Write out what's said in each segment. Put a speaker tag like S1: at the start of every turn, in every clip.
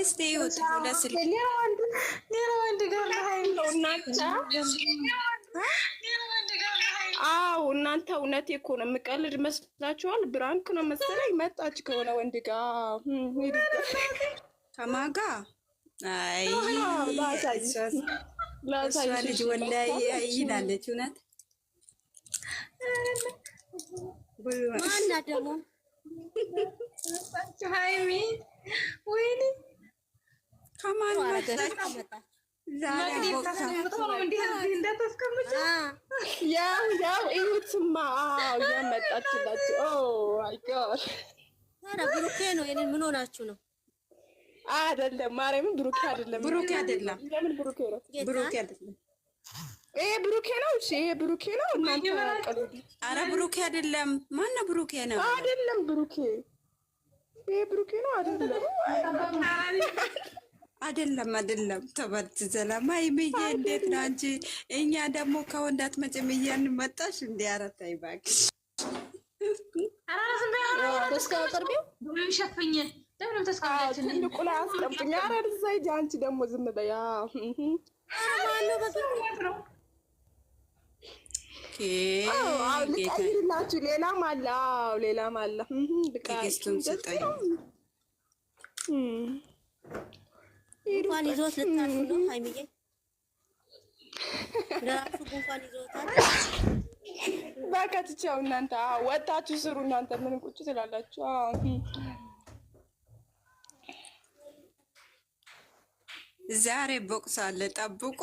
S1: እስቲ ይውጡ ለስል
S2: ሌላ ወንድ ጋር አው እናንተ እውነቴ እኮ ነው። የምቀልድ መስላችኋል? ብራንክ ነው መሰለኝ። መጣች ከሆነ ወንድ ጋር
S1: ከማጋ አይ ልጅ ወላሂ ይላለች። እውነት
S3: ማና ደግሞ
S2: መጣችሁ ሃይሚ ወይኔ
S1: ከማን መጣችሁ?
S3: ብሩኬ ነው። የኔን ምን ሆናችሁ ነው?
S2: አይደለም ማርያምን፣ ብሩኬ አይደለም፣
S3: ብሩኬ አይደለም። ብሩኬ ነው? ብሩኬ
S2: ይሄ ብሩኬ ነው። እሺ ይሄ ብሩኬ ነው። እናንተ
S3: አረ ብሩኬ አይደለም። ማነው ብሩኬ ነው?
S2: አይደለም ብሩኬ ይሄ ብሩኬ ነው አይደለም?
S1: አይደለም አይደለም። ተበርት ዘላማ ይምዬ እንዴት ነው አንቺ? እኛ ደግሞ ከወንዳት መጭም እያን መጣሽ እንዲ አረታ ይባክ
S2: ቁላ አስቀምጥኛ። ኧረ እዛ ሂጂ አንቺ ደግሞ ዝም በይ ልቀይርላችሁ። ሌላም አለ፣ ሌላም አለ።
S3: ጉንፋን ይዞት ልታልፍ ነው ሀይሚዬ?
S2: በቃ ትቻው እናንተ ወጣችሁ ስሩ። እናንተ ምን ቁጭ ትላላችሁ?
S1: ዛሬ ቦቅስ አለ ጠብቁ።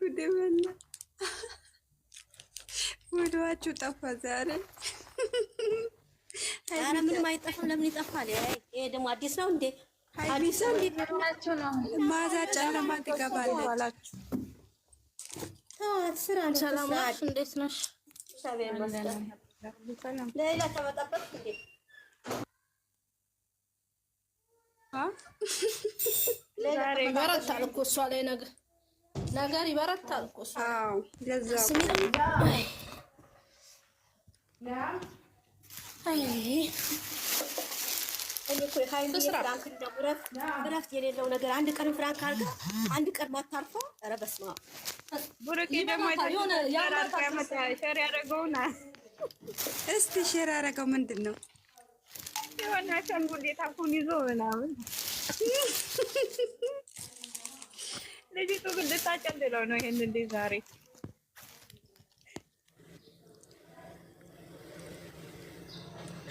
S2: ጉዴ በላ ወደዋችሁ ጠፋ ዛሬ።
S3: ኧረ ምንም አይጠፋም። ለምን ይጠፋል? ይሄ ደግሞ አዲስ ነው እንዴ?
S2: አዲስ ነው ማዛ ጨለማ ትገባለች።
S3: ተዋት፣ ስራ ሰላም ነሽ? እንዴት ነሽ? ለሌላ ተመጣበት እንዴ? ዛሬ ጋር ታልኩ እሷ ላይ ነገር ነገር ይበረታል እኮ
S2: አዎ ለዛ
S3: እረፍት የሌለው ነገር አንድ ቀን ፍራንክ አርጋ አንድ ቀን ማታርፎ ኧረ በስመ
S2: አብ ደግሞ ሸር ያደረገውና
S1: እስቲ ሸር ያደረገው ምንድን ነው
S2: የሆነ ይዞ ምናምን ፊቱ ግን ነው። ይሄን እንዴ ዛሬ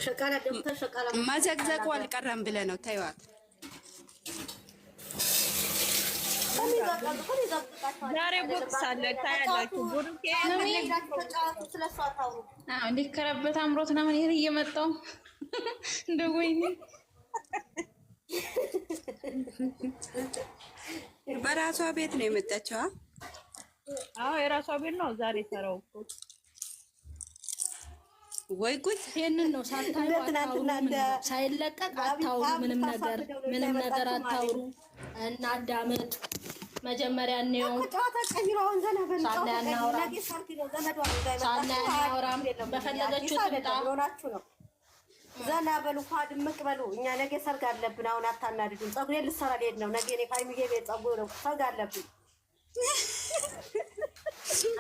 S3: ሸቃላ
S1: አልቀረም ብለህ ነው። ተይዋት
S2: ዛሬ ቦክስ አለ ታያላችሁ።
S3: አምሮት ነው። ይሄን እየመጣው እንደው ወይኔ
S1: በራሷ ቤት ነው የመጣችው።
S2: አዎ የራሷ ቤት ነው። ዛሬ ሰራው እኮ
S1: ወይ ጉድ!
S3: ይሄንን ነው ሳታዩ ሳይለቀቅ አታውሩ፣ ምንም ነገር ምንም ነገር አታውሩ እና አዳምጥ መጀመሪያ ነው ሳናያናውራም በፈለገችው ትምጣ ዘና በሉ፣ ኳ ድምቅ በሉ። እኛ ነገ ሰርግ አለብን። አሁን አታናድዱን። ፀጉሬን ልሰራ ልሄድ ነው። ነገ እኔ ፋሚሊ ቤት ፀጉር ነው ሰርግ አለብን።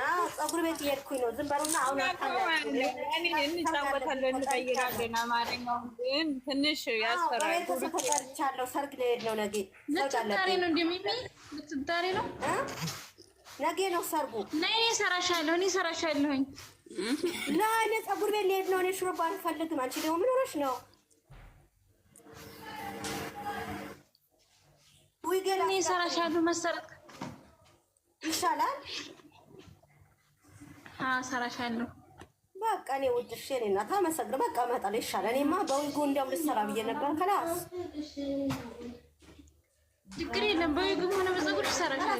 S3: አዎ ፀጉር ቤት እየሄድኩኝ ነው። ዝም በሉና አሁን አታናድዱን።
S2: ሰርግ ልሄድ ነው። ነገ ሰርግ ነው።
S3: ነገ ነው ሰርጉ። ነይ፣ እኔ እሰራሻለሁ። እኔ እሰራሻለሁኝ ለአይነ ፀጉር ቤት ልሄድ ነው። እኔ ሹሩባ አልፈልግም። አንቺ ደግሞ ምን ሆነሽ ነው? እኔ እሰራሻለሁ መሰረት ይሻላል። እሰራሻለሁ በቃ እኔ ውድሽ የእኔ እናት አመሰግነው። በቃ እመጣለሁ። ይሻላል። እኔማ በዊጉ እንደውም ልሰራ ብዬ ነበር። ከላስ ችግር የለም። በዊጉ ሆነ በፀጉር ይሰራሻል።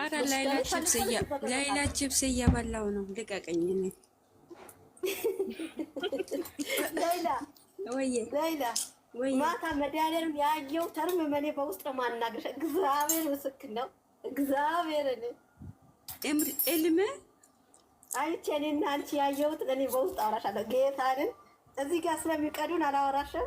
S1: አረ ላይላ ችብስ እየበላው ነው። ልቀቀኝ።
S3: ላይላ ማታ መድኃኒዓለም ያየው ተርም መኔ በውስጥ ነው ማናገር። እግዚአብሔር ምስክር ነው። እግዚአብሔርን እልም አይቼ እኔ እና አንቺ ያየሁትን እኔ በውስጥ አወራሻለሁ። ጌታንን እዚህ ጋር ስለሚቀዱን አላወራሽም።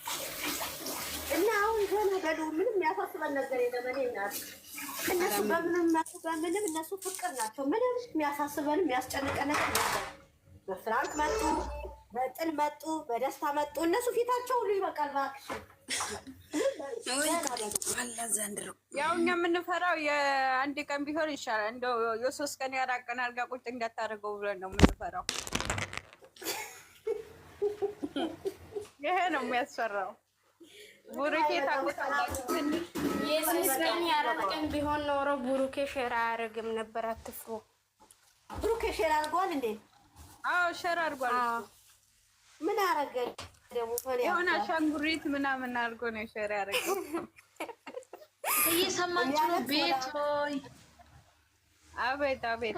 S3: እነሱ በምንም እነሱ በምንም እነሱ ፍቅር ናቸው። ምንም የሚያሳስበን የሚያስጨንቀን በፍራንክ መጡ፣ በጥል መጡ፣ በደስታ መጡ። እነሱ ፊታቸው ሁሉ ይበቃል።
S2: ያው እኛ የምንፈራው የአንድ ቀን ቢሆን ይሻላል። እንደው የሶስት ቀን የአራት ቀን አልጋ ቁጭ እንዳታደርገው ብለን ነው የምንፈራው። ይሄ ነው የሚያስፈራው። ቡሩኬ
S3: የስንት ቀን የአራት ቀን ቢሆን ኖሮ ቡሩኬ ሼር አያደርግም ነበር። አትፍሩ። ቡሩኬ ሼር አድርጓል እንዴ?
S2: አዎ ሼር አድርጓል። ምን አረገ? የሆነ አሻንጉሪት ምናምን አድርጎ ነው ሼር ያደረገው።
S3: እየሰማችሁ ነው ቤት ሆይ
S2: አቤት አቤት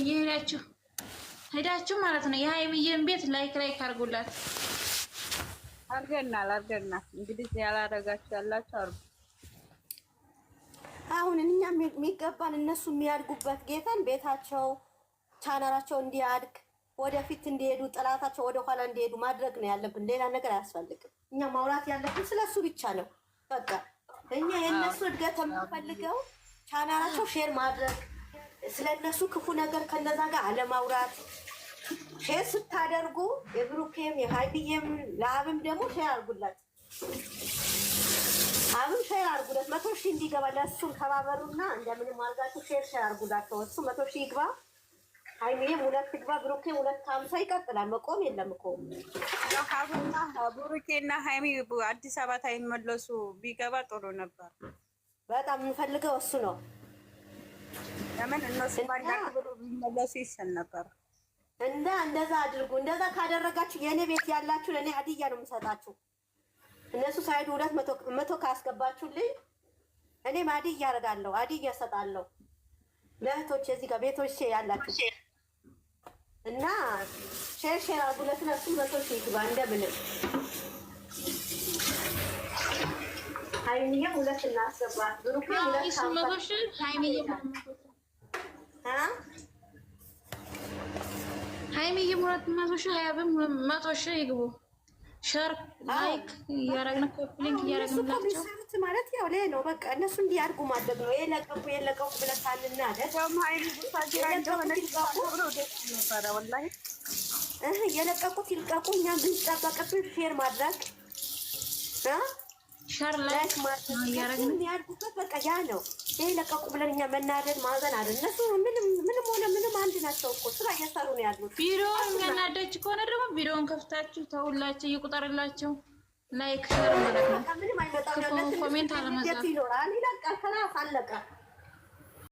S3: እየሄዳችሁ ሄዳችሁ ማለት ነው የሀይሚዬን ቤት ላይክ ላይክ አድርጉላት።
S2: አርገናል አርገናል። እንግዲህ ያላረጋችሁ ያላችሁ አርጉ።
S3: አሁን እኛ የሚገባን እነሱ የሚያድጉበት ጌታን ቤታቸው ቻነራቸው እንዲያድግ ወደፊት እንዲሄዱ ጥላታቸው ወደኋላ እንዲሄዱ ማድረግ ነው ያለብን። ሌላ ነገር አያስፈልግም። እኛ ማውራት ያለብን ስለሱ ብቻ ነው። በቃ እኛ የእነሱ እድገት የምንፈልገው ቻናላቸው ሼር ማድረግ ስለ እነሱ ክፉ ነገር ከነዛ ጋር አለማውራት ሼር ስታደርጉ የብሩኬም የሀይብዬም ለአብም ደግሞ ሼር አርጉለት። አብም ሼር አርጉለት መቶ ሺ እንዲገባ ለእሱን ከባበሩና እንደምንም አርጋችሁ ሼር ሼር አርጉላቸው። እሱ መቶ ሺ ይግባ፣ ሀይሚዬም ሁለት ይግባ፣ ብሩኬም ሁለት ሀምሳ ይቀጥላል። መቆም የለም እኮ
S2: ብሩኬና ሀይሚ አዲስ አበባ ታይመለሱ ቢገባ ጥሩ ነበር።
S3: በጣም የምፈልገው እሱ ነው።
S2: ለምን እነሱ ባንዳት ይሻል ነበር።
S3: እና እንደዛ አድርጉ። እንደዛ ካደረጋችሁ የእኔ ቤት ያላችሁ ለእኔ አድያ ነው የምሰጣችሁ። እነሱ ሳይሄዱ ሁለት መቶ ካስገባችሁልኝ እኔም አድያ እያደርጋለሁ አድያ እሰጣለሁ ለእህቶቼ እዚህ ጋር ቤቶቼ ያላችሁ እና ሼር ሼር አድርጉ። ለእነሱ መቶ ሺህ ይግባ እንደምንም ሀይሚዬ ሁለት እናስገባት። ብሩኬ ሁለት ሀይሚዬ ሁለት መቶ ሺህ ሀያብም መቶ ሺህ ይግቡ። ሸር ላይክ እያረግን ኮፕሊንግ እያረግንላቸው ማለት ያው ላይ ነው። በቃ እነሱ እንዲህ ማድረግ ነው። የለቀቁ የለቀቁ ብለህ ሳልናደድ የለቀቁት ይልቀቁ። እኛ ግን ሼር ማድረግ ሻርላት ያድጉበት በቃ ያ ነው። ይሄ ለቀቁ ብለን እኛ መናደድ ማዘን አለ። እነሱ ምንም ሆነ ምንም አንድ ናቸው እኮ ስራ እየሰሩ ነው ያሉት። ቪዲዮው የሚያናደች ከሆነ ደግሞ ቪዲዮውን ከፍታችሁ ተውላቸው፣ እየቁጠርላቸው ላይክ፣ ሸር ማለት ነው። ኮሜንት አለመጻፍ ይኖራል። ይለቃል። ከራስ አለቃ